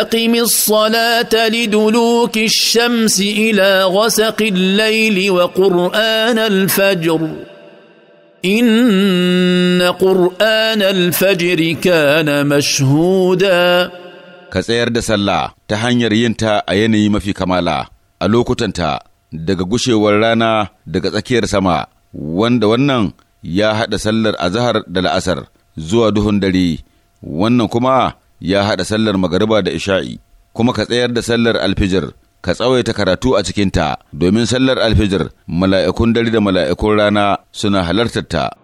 أقم الصلاة لدلوك الشمس إلى غسق الليل وقرآن الفجر إن قرآن الفجر كان مشهودا كسير دس الله تهنير ينتا أيني ما في كمالا ألوكو تنتا دقا قشي ورانا دقا تكير سما واند ونن يا حد سلر أزهر دل أسر زوا دهن دلي ونن كما ya haɗa sallar magariba da isha'i kuma ka tsayar da sallar alfijir ka tsawaita karatu a cikinta domin sallar alfijir mala'ikun dare da mala'ikun rana suna halartar ta